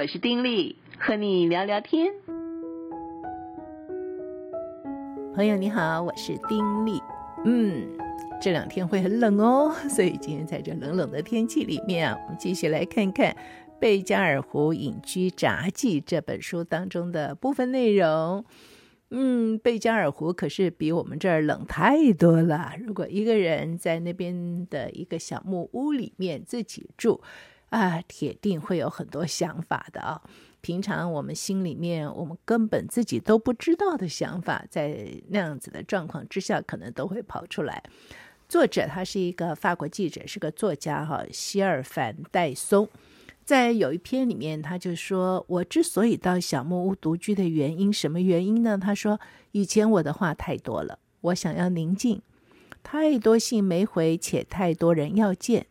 我是丁莉，和你聊聊天。朋友你好，我是丁莉。嗯，這兩天會很冷哦，所以今天在這冷冷的天氣裡面，啊，我們繼續來看看《貝加爾湖隱居札記》這本書當中的部分內容。嗯，貝加爾湖可是比我們這兒冷太多了。如果一個人在那邊的一個小木屋裡面自己住，啊，鐵定會有很多想法的啊！平常我們心裡面，我們根本自己都不知道的想法，在那樣子的狀況之下，可能都會跑出來。作者他是一個法國記者，是個作家哈、啊，希爾凡戴松，在有一篇裡面，他就說我之所以到小木屋獨居的原因，什麼原因呢？他說，以前我的話太多了，我想要寧靜，太多信沒回，且太多人要見，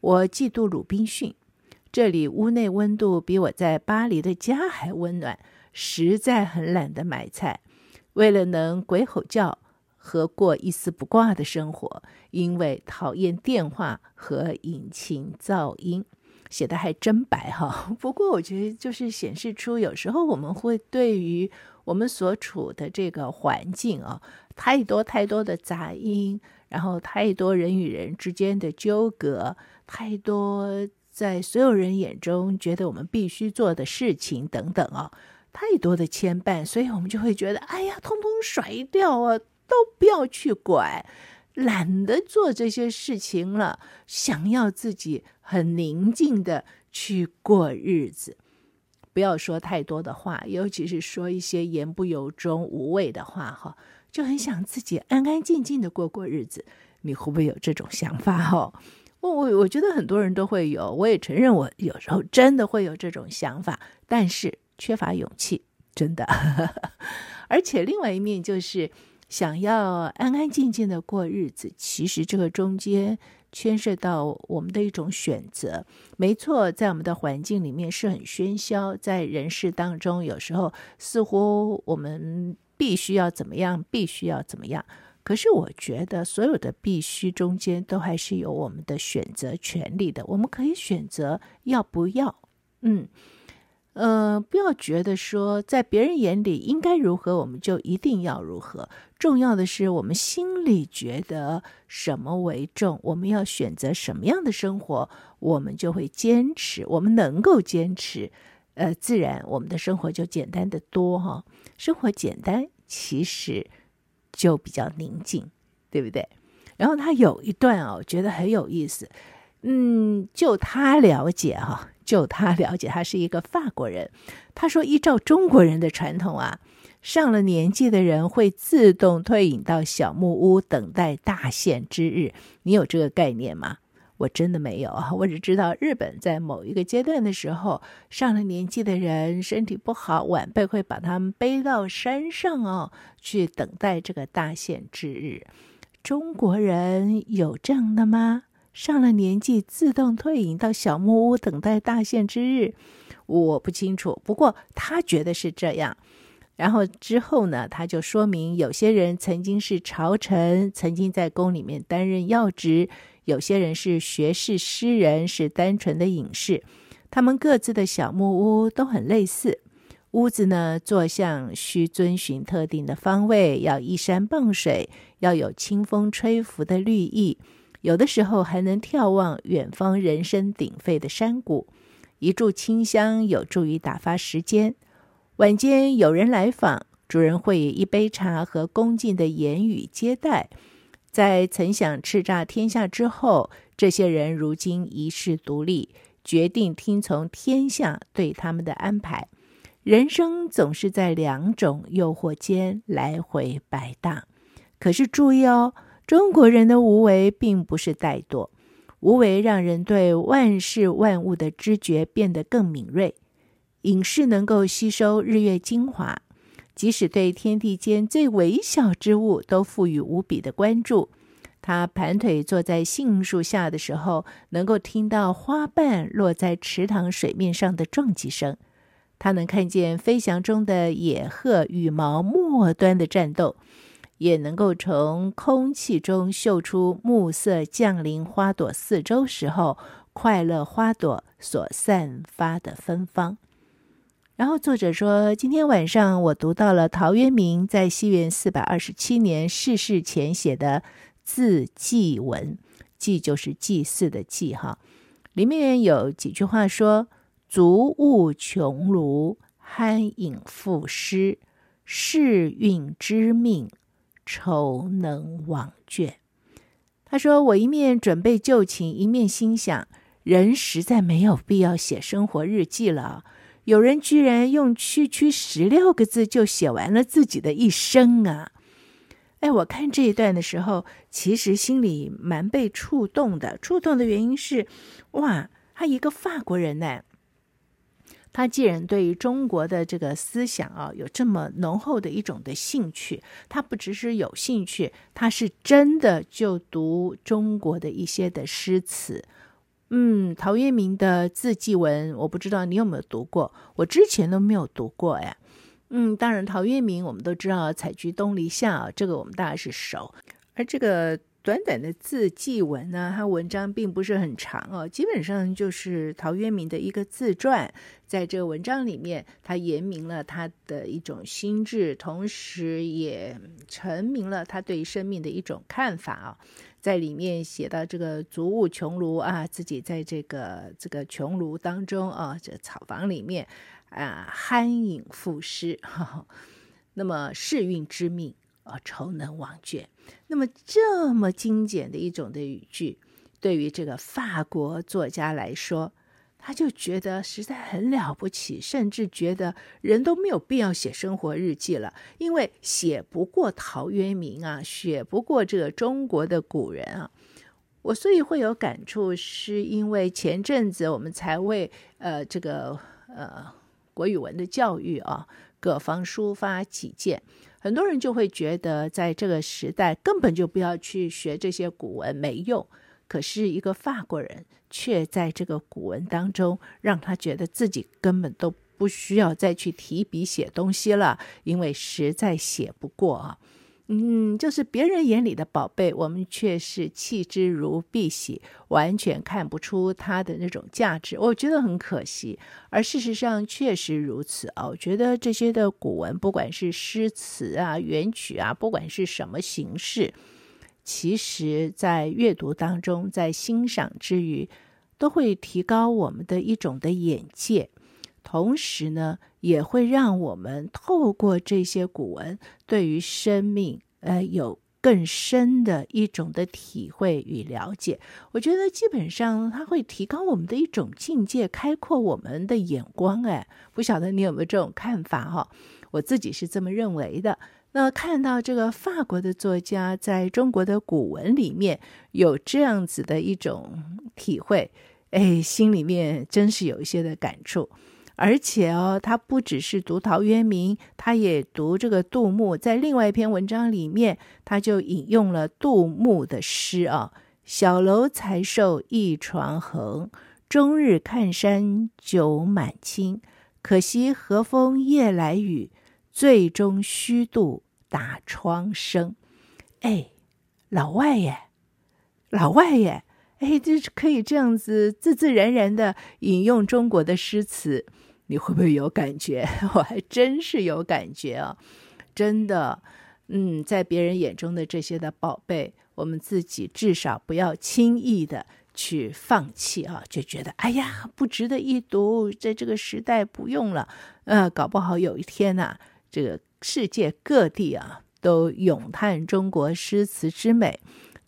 我嫉妒魯濱遜。這裡屋內溫度比我在巴黎的家還溫暖，實在很懶得買菜。為了能鬼吼叫和過一絲不掛的生活，因為討厭電話和引擎噪音，寫得還真白哈、哦。不過我覺得就是顯示出有時候我們會對於我們所處的這個環境啊、哦，太多太多的雜音，然後太多人與人之間的糾葛，太多。在所有人眼中，覺得我們必須做的事情等等啊、哦，太多的牽絆，所以我們就會覺得，哎呀，通通甩掉啊，都不要去管，懶得做這些事情了，想要自己很寧靜的去過日子，不要說太多的話，尤其是說一些言不由衷、無謂的話、哦，哈，就很想自己安安靜靜的過過日子。你會不會有這種想法、哦？哈？我我我覺得很多人都會有，我也承認我有時候真的會有這種想法，但是缺乏勇氣，真的。 而且另外一面就是想要安安靜靜的過日子，其實這個中間牽涉到我們的一種選擇。沒錯，在我們的環境裡面是很喧囂，在人世當中有時候似乎我們必須要怎麼樣，必須要怎麼樣。可是我覺得，所有的必須中間都還是有我們的選擇權利的。我們可以選擇要不要，嗯，呃，不要覺得說在別人眼裡應該如何，我們就一定要如何。重要的是，我們心裡覺得什麼為重，我們要選擇什麼樣的生活，我們就會堅持。我們能夠堅持，呃，自然我們的生活就簡單得多哈、哦。生活簡單，其實。就比較寧靜，對不對？然後他有一段哦，覺得很有意思。嗯，就他了解哈、啊，就他了解，他是一個法國人。他說，依照中國人的傳統啊，上了年紀的人會自動退隱到小木屋，等待大限之日。你有這個概念嗎？我真的沒有啊，我只知道日本在某一個階段的時候，上了年紀的人身體不好，晚輩會把他們背到山上哦，去等待這個大限之日。中國人有這樣的嗎？上了年紀自動退隱到小木屋等待大限之日？我不清楚，不過他覺得是這樣。然後之後呢，他就說明，有些人曾經是朝臣，曾經在宮裡面擔任要職；有些人是學士、詩人，是單純的隱士。他們各自的小木屋都很類似。屋子呢，坐向需遵循特定的方位，要依山傍水，要有清風吹拂的綠意。有的時候還能眺望遠方人聲鼎沸的山谷。一炷清香有助於打發時間。晚間有人來訪，主人會以一杯茶和恭敬的言語接待。在曾想叱咤天下之後，這些人如今遺世獨立，決定聽從天下對他們的安排。人生總是在兩種誘惑間來回擺盪。可是注意哦，中國人的無為並不是怠惰，無為讓人對萬事萬物的知覺變得更敏銳。隱士能夠吸收日月精華，即使對天地間最微小之物都賦予無比的關注。他盤腿坐在杏樹下的時候，能夠聽到花瓣落在池塘水面上的撞擊聲；他能看見飛翔中的野鶴羽毛末端的戰鬥，也能夠從空氣中嗅出暮色降臨花朵四周時候，快樂花朵所散發的芬芳。然後作者說，今天晚上我讀到了陶淵明在西元四百二十七年逝世前寫的自祭文，祭就是祭祀的祭哈。裡面有幾句話說：“足物窮廬，酣飲賦詩，士運之命，愁能忘倦。”他說：“我一面準備就寢，一面心想，人實在沒有必要寫生活日記了。”有人居然用區區十六個字就寫完了自己的一生啊！哎，我看這一段的時候，其實心裡蠻被觸動的。觸動的原因是，哇，他一個法國人呢，他既然對於中國的這個思想啊有這麼濃厚的一種的興趣，他不只是有興趣，他是真的就讀中國的一些的詩詞。嗯，陶淵明的自祭文，我不知道你有沒有讀過，我之前都沒有讀過呀。嗯，當然，陶淵明我們都知道“採菊東籬下”啊，這個我們大概是熟。而這個短短的自祭文呢，它文章並不是很長哦，基本上就是陶淵明的一個自傳。在這個文章裡面，他言明了他的一種心智，同時也闡明了他對於生命的一種看法哦。在裡面寫到這個竹塢窮廬啊，自己在這個這個窮廬當中啊，這草房裡面啊，酣飲賦詩、哦。那麼世運之命啊，愁、哦、能忘倦。那麼這麼精簡的一種的語句，對於這個法國作家來說。他就覺得實在很了不起，甚至覺得人都沒有必要寫生活日記了，因為寫不過陶淵明啊，寫不過這個中國的古人啊。我所以會有感觸，是因為前陣子我們才為呃這個呃國語文的教育啊，各方抒發己見，很多人就會覺得在這個時代根本就不要去學這些古文，沒用。可是一個法國人，卻在這個古文當中，讓他覺得自己根本都不需要再去提筆寫東西了，因為實在寫不過啊。嗯，就是別人眼裡的寶貝，我們卻是棄之如敝屣，完全看不出它的那種價值。我覺得很可惜，而事實上確實如此啊。我覺得這些的古文，不管是詩詞啊、元曲啊，不管是什麼形式。其實，在閱讀當中，在欣賞之餘，都會提高我們的一種的眼界，同時呢，也會讓我們透過這些古文，對於生命，呃，有更深的一種的體會與了解。我覺得基本上，它會提高我們的一種境界，開闊我們的眼光。哎，不曉得你有沒有這種看法哈、哦？我自己是這麼認為的。那看到這個法國的作家在中國的古文裡面有這樣子的一種體會，哎，心裡面真是有一些的感觸。而且哦，他不只是讀陶淵明，他也讀這個杜牧。在另外一篇文章裡面，他就引用了杜牧的詩啊、哦：“小樓才受一床橫，終日看山酒滿傾，可惜和風夜來雨。”最終虛度打窗聲。哎，老外耶，老外耶，哎，這是可以這樣子自自然然的引用中國的詩詞，你會不會有感覺？我還真是有感覺哦，真的，嗯，在別人眼中的這些的寶貝，我們自己至少不要輕易的去放棄啊。就覺得哎呀，不值得一讀，在這個時代不用了，呃，搞不好有一天吶。這個世界各地啊，都詠嘆中國詩詞之美，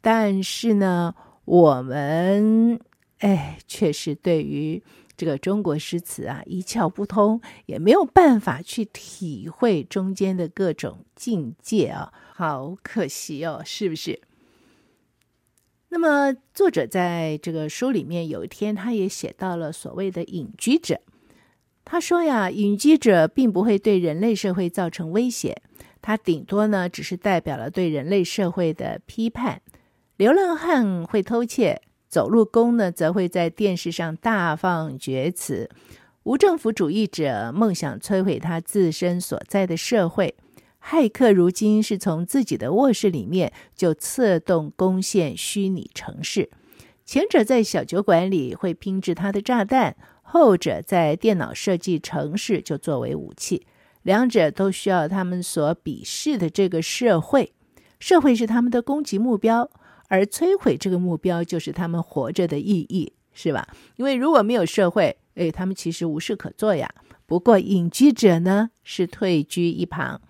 但是呢，我們哎，卻是對於這個中國詩詞啊一竅不通，也沒有辦法去體會中間的各種境界啊，好可惜哦，是不是？那麼作者在這個書裡面，有一天他也寫到了所謂的隱居者。他說呀，隱居者並不會對人類社會造成威脅，他頂多呢只是代表了對人類社會的批判。流浪漢會偷竊，走路工呢則會在電視上大放厥詞。無政府主義者夢想摧毀他自身所在的社會，駭客如今是從自己的臥室裡面就策動攻陷虛擬城市。前者在小酒館裡會拼制他的炸彈。後者在電腦設計城市就作為武器，兩者都需要他們所鄙視的這個社會，社會是他們的攻擊目標，而摧毀這個目標就是他們活着的意義，是吧？因為如果沒有社會，哎，他們其實無事可做呀。不過隱居者呢是退居一旁，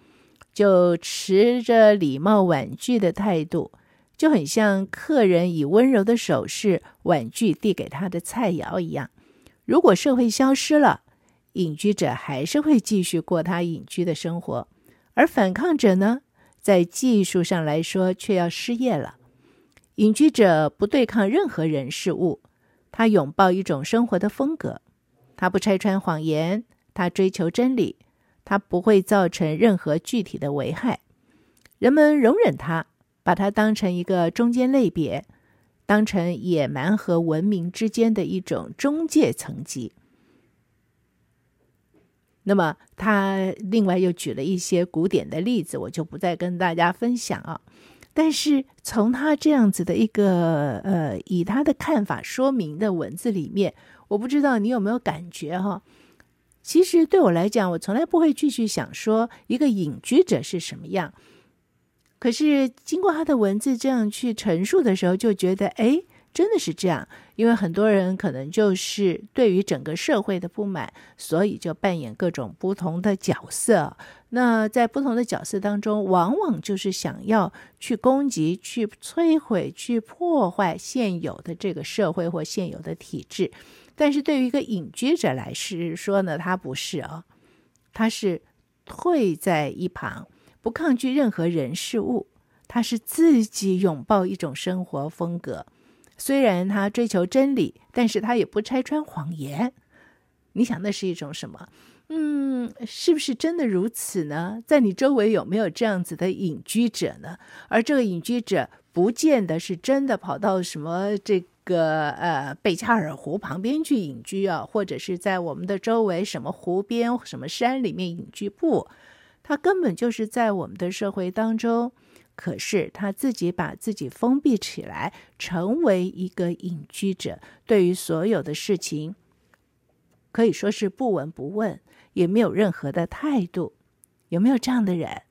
就持着禮貌婉拒的態度，就很像客人以溫柔的手勢婉拒遞給他的菜肴一樣。如果社會消失了，隱居者還是會繼續過他隱居的生活，而反抗者呢，在技術上來說卻要失業了。隱居者不對抗任何人事物，他擁抱一種生活的風格，他不拆穿謊言，他追求真理，他不會造成任何具體的危害。人們容忍他，把他當成一個中間類別。當成野蠻和文明之間的一種中介層級。那麼，他另外又舉了一些古典的例子，我就不再跟大家分享啊。但是，從他這樣子的一個呃，以他的看法說明的文字裡面，我不知道你有沒有感覺哈？其實，對我來講，我從來不會繼續想說一個隱居者是什麼樣。可是經過他的文字這樣去陳述的時候，就覺得哎，真的是這樣。因為很多人可能就是對於整個社會的不滿，所以就扮演各種不同的角色。那在不同的角色當中，往往就是想要去攻擊、去摧毀、去破壞現有的這個社會或現有的體制。但是對於一個隱居者來說呢，他不是啊，他是退在一旁。不抗拒任何人事物，他是自己擁抱一種生活風格。雖然他追求真理，但是他也不拆穿謊言。你想，那是一種什麼？嗯，是不是真的如此呢？在你周圍有沒有這樣子的隱居者呢？而這個隱居者不見得是真的跑到什麼這個呃貝加爾湖旁邊去隱居啊，或者是在我們的周圍什麼湖邊、什麼山裡面隱居不。他根本就是在我們的社會當中，可是他自己把自己封閉起來，成為一個隱居者，對於所有的事情可以說是不聞不問，也沒有任何的態度。有沒有這樣的人？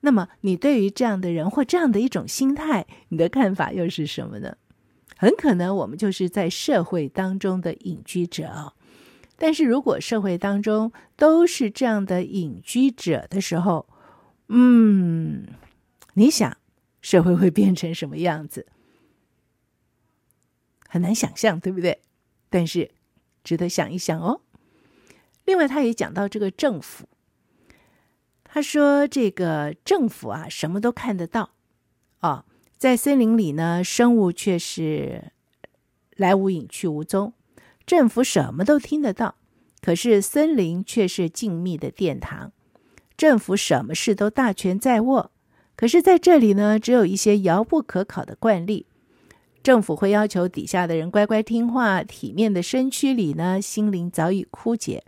那麼你對於這樣的人或這樣的一種心態，你的看法又是什麼呢？很可能我們就是在社會當中的隱居者哦。但是如果社會當中都是這樣的隱居者的時候，嗯，你想社會會變成什麼樣子？很難想象，對不對？但是值得想一想哦。另外，他也講到這個政府，他說這個政府啊什麼都看得到，啊、哦，在森林裡呢生物卻是來無影去無蹤。政府什麼都聽得到，可是森林卻是靜謐的殿堂。政府什麼事都大權在握，可是在這裡呢，只有一些遙不可考的慣例。政府會要求底下的人乖乖聽話，體面的身軀裡呢，心靈早已枯竭。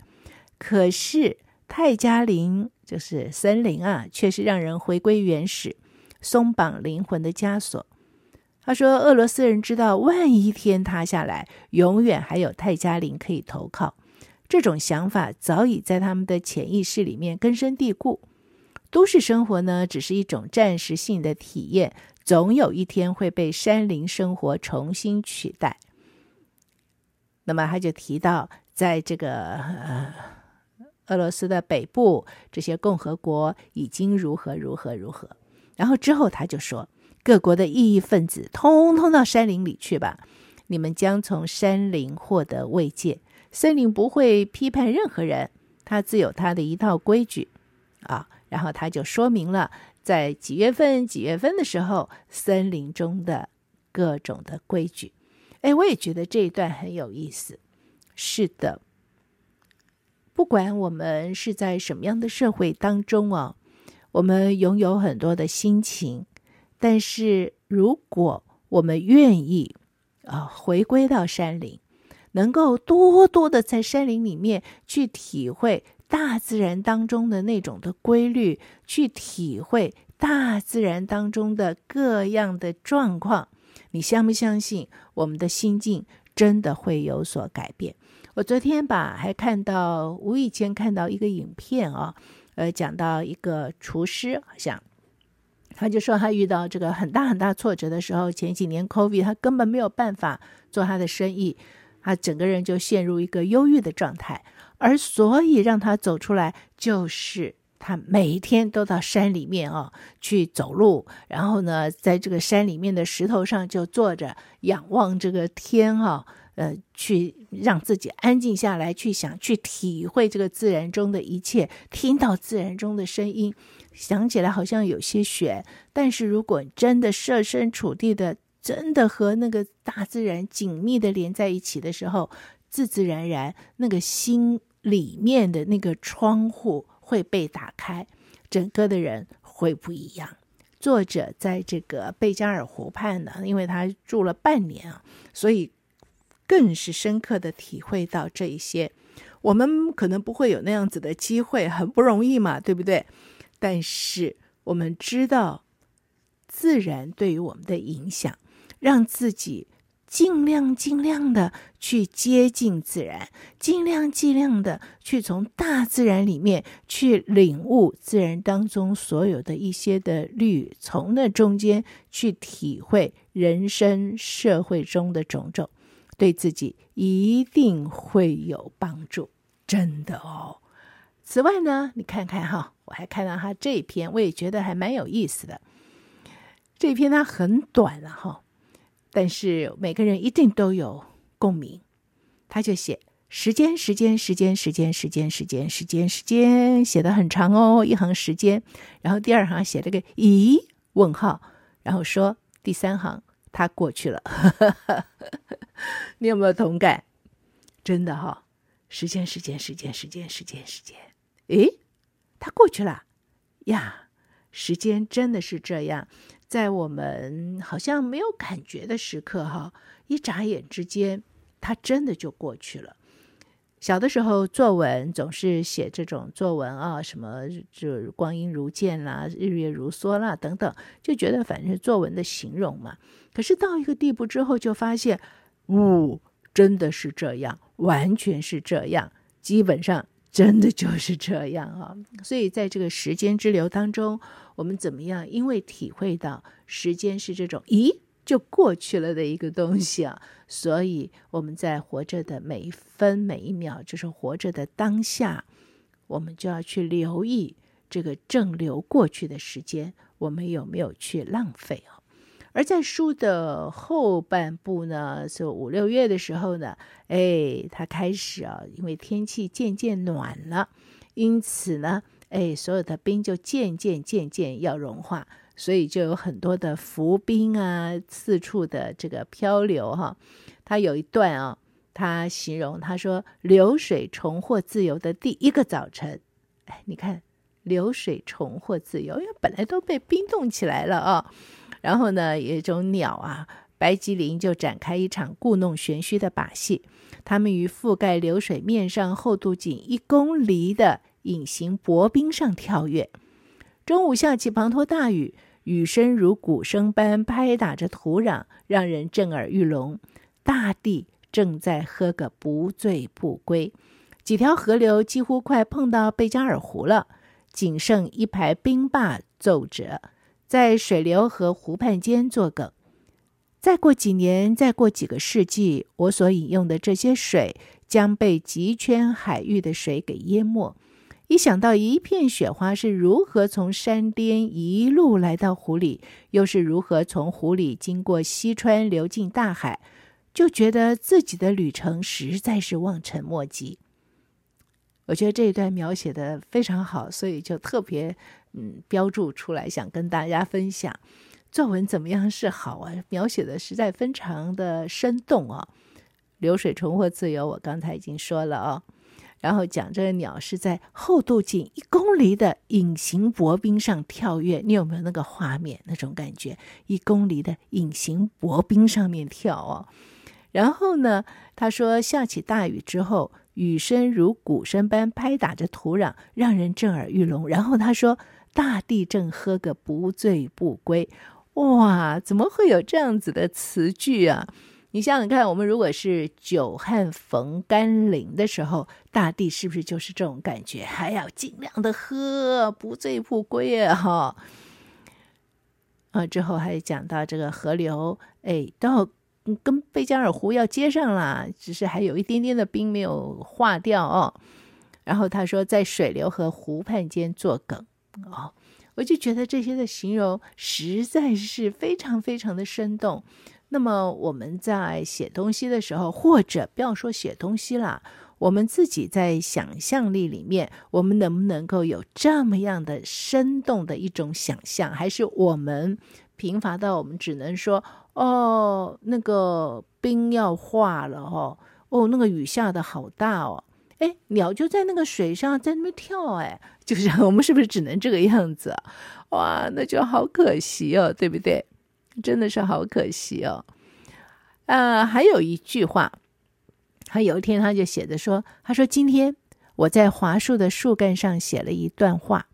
可是泰加林就是森林啊，卻是讓人回歸原始，鬆綁靈魂的枷鎖。他說：“俄羅斯人知道，萬一天塌下來，永遠還有泰加林可以投靠。這種想法早已在他們的潛意識裡面根深蒂固。都市生活呢，只是一種暫時性的體驗，總有一天會被山林生活重新取代。”那麼他就提到，在這個呃俄羅斯的北部，這些共和國已經如何如何如何。然後之後他就說。各國的異議分子，通通到山林裡去吧！你們將從山林獲得慰藉。森林不會批判任何人，它自有它的一套規矩，啊！然後他就說明了在幾月份、幾月份的時候，森林中的各種的規矩。哎，我也覺得這一段很有意思。是的，不管我們是在什麼樣的社會當中啊、哦，我們擁有很多的心情。但是，如果我們願意，啊、呃，回歸到山林，能夠多多的在山林裡面去體會大自然當中的那種的規律，去體會大自然當中的各樣的狀況，你相不相信，我們的心境真的會有所改變？我昨天吧還看到，無意間看到一個影片啊，呃，講到一個廚師，好像。他就說，他遇到這個很大很大挫折的時候，前幾年 COVID，他根本沒有辦法做他的生意，他整個人就陷入一個憂鬱的狀態。而所以讓他走出來，就是他每一天都到山裡面啊去走路，然後呢，在這個山裡面的石頭上就坐着，仰望這個天哈，啊，呃，去讓自己安靜下來，去想，去體會這個自然中的一切，聽到自然中的聲音。想起來好像有些懸，但是如果真的設身處地的，真的和那個大自然緊密的連在一起的時候，自自然然，那個心裡面的那個窗戶會被打開，整個的人會不一樣。作者在這個貝加爾湖畔呢，因為他住了半年啊，所以更是深刻的體會到這一些。我們可能不會有那樣子的機會，很不容易嘛，對不對？但是我們知道，自然對於我們的影響，讓自己盡量盡量的去接近自然，盡量盡量的去從大自然裡面去領悟自然當中所有的一些的律，從那中間去體會人生社會中的種種，對自己一定會有幫助，真的哦。此外呢，你看看哈，我還看到他這一篇，我也覺得還蠻有意思的。這篇他很短了哈，但是每個人一定都有共鳴。他就寫時間，時間，時間，時間，時間，時間，時間，時間，寫得很長哦，一行時間。然後第二行寫了個咦？問號。然後說第三行他過去了。哈哈哈，你有沒有同感？真的哈，時間，時間，時間，時間，時間，時間。誒，它過去了呀！時間真的是這樣，在我們好像沒有感覺的時刻，哦，哈，一眨眼之間，它真的就過去了。小的時候作文總是寫這種作文啊，什麼“就光陰如箭啦，日月如梭啦”等等，就覺得反正作文的形容嘛。可是到一個地步之後，就發現，嗚，哦，真的是這樣，完全是這樣，基本上。真的就是這樣啊，所以在這個時間之流當中，我們怎麼樣？因為體會到時間是這種，咦，就過去了的一個東西啊，所以我們在活着的每一分每一秒，就是活着的當下，我們就要去留意這個正流過去的時間，我們有沒有去浪費啊？而在書的後半部呢，是五六月的時候呢，哎，它開始啊，因為天氣漸漸暖了，因此呢，哎，所有的冰就漸漸漸漸要融化，所以就有很多的浮冰啊，四處的這個漂流哈啊。他有一段啊，他形容他說：“流水重獲自由的第一個早晨。”哎，你看，流水重獲自由，因為本來都被冰凍起來了啊。然後呢，有一種鳥啊，白鶺鴒就展開一場故弄玄虛的把戲。他們於覆蓋流水面上厚度僅一公里的隱形薄冰上跳躍。中午下起滂沱大雨，雨聲如鼓聲般拍打着土壤，讓人震耳欲聾。大地正在喝個不醉不歸。幾條河流幾乎快碰到貝加爾湖了，僅剩一排冰壩奏折。在水流和湖畔間作梗。再過幾年，再過幾個世紀，我所飲用的這些水將被極圈海域的水給淹沒。一想到一片雪花是如何從山巔一路來到湖裡，又是如何從湖裡經過溪川流進大海，就覺得自己的旅程實在是望塵莫及。我覺得這一段描寫的非常好，所以就特別。嗯，標註出來，想跟大家分享作文怎麼樣是好啊？描寫的實在非常的生動啊。流水重獲自由，我剛才已經說了啊。然後講這個鳥是在厚度僅一公里的隱形薄冰上跳躍，你有沒有那個畫面那種感覺？一公里的隱形薄冰上面跳啊。然後呢，他說下起大雨之後，雨聲如鼓聲般拍打着土壤，讓人震耳欲聾。然後他說。大地正喝個不醉不歸。哇！怎麼會有這樣子的詞句啊？你想想看，我們如果是久旱逢甘霖的時候，大地是不是就是這種感覺？還、哎、要盡量的喝，不醉不歸哈啊，啊！之後還講到這個河流，哎，到跟貝加爾湖要接上了，只是還有一點點的冰沒有化掉哦。然後他說，在水流和湖畔間作梗。哦，我就覺得這些的形容實在是非常非常的生動。那麼我們在寫東西的時候，或者不要說寫東西啦，我們自己在想象力裡面，我們能不能夠有這麼樣的生動的一種想象還是我們貧乏到我們只能說，哦，那個冰要化了哦，哦，那個雨下得好大哦。哎，鳥就在那個水上，在那邊跳。哎，就是我們是不是只能這個樣子？哇，那就好可惜哦，對不對？真的是好可惜哦。啊、呃，還有一句話，他有一天他就寫着說：“他說今天我在樺樹的樹幹上寫了一段話，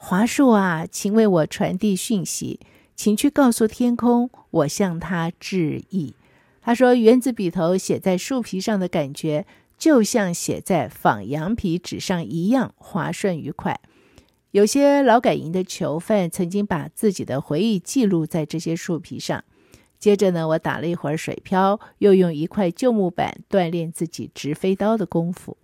樺樹啊，請為我傳遞訊息，請去告訴天空，我向他致意。”他說：“原子筆頭寫在樹皮上的感覺。”就像寫在仿羊皮紙上一樣滑順愉快。有些勞改營的囚犯曾經把自己的回憶記錄在這些樹皮上。接着呢，我打了一會兒水漂，又用一塊舊木板鍛鍊自己擲飛刀的功夫。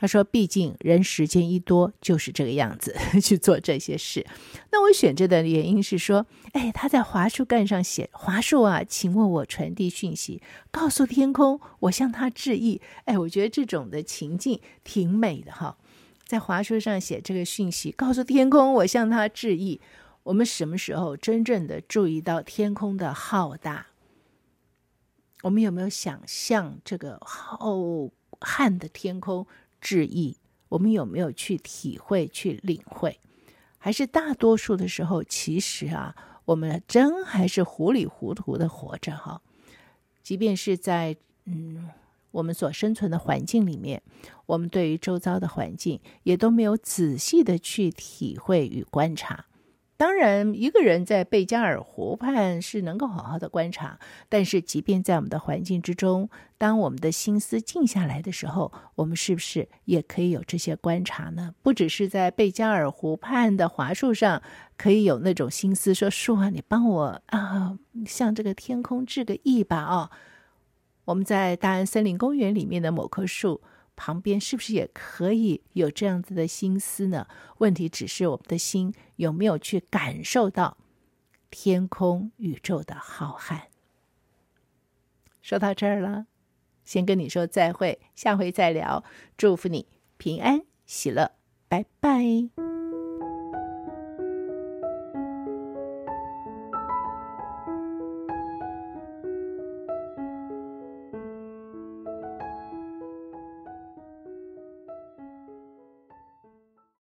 他說：“畢竟人時間一多就是這個樣子 去做這些事。那我選擇的原因是說，哎，他在樺樹幹上寫‘樺樹啊，請為我傳遞訊息，告訴天空，我向他致意。’哎，我覺得這種的情境挺美的哈，在樺樹上寫這個訊息，告訴天空，我向他致意。我們什麼時候真正的注意到天空的浩大？我們有沒有想象這個浩瀚、哦、的天空？”質疑，我們有沒有去體會、去領會？還是大多數的時候，其實啊，我們真還是糊里糊塗的活着哈。即便是在嗯，我們所生存的環境裡面，我們對於周遭的環境也都沒有仔細的去體會與觀察。當然，一個人在貝加爾湖畔是能夠好好的觀察，但是即便在我們的環境之中，當我們的心思靜下來的時候，我們是不是也可以有這些觀察呢？不只是在貝加爾湖畔的樺樹上可以有那種心思說，說樹啊，你幫我啊，向這個天空致個意吧啊！我們在大安森林公園裡面的某棵樹。旁邊是不是也可以有這樣子的心思呢？問題只是我們的心有沒有去感受到天空宇宙的浩瀚。說到這兒了，先跟你說再會，下回再聊。祝福你平安喜樂，拜拜。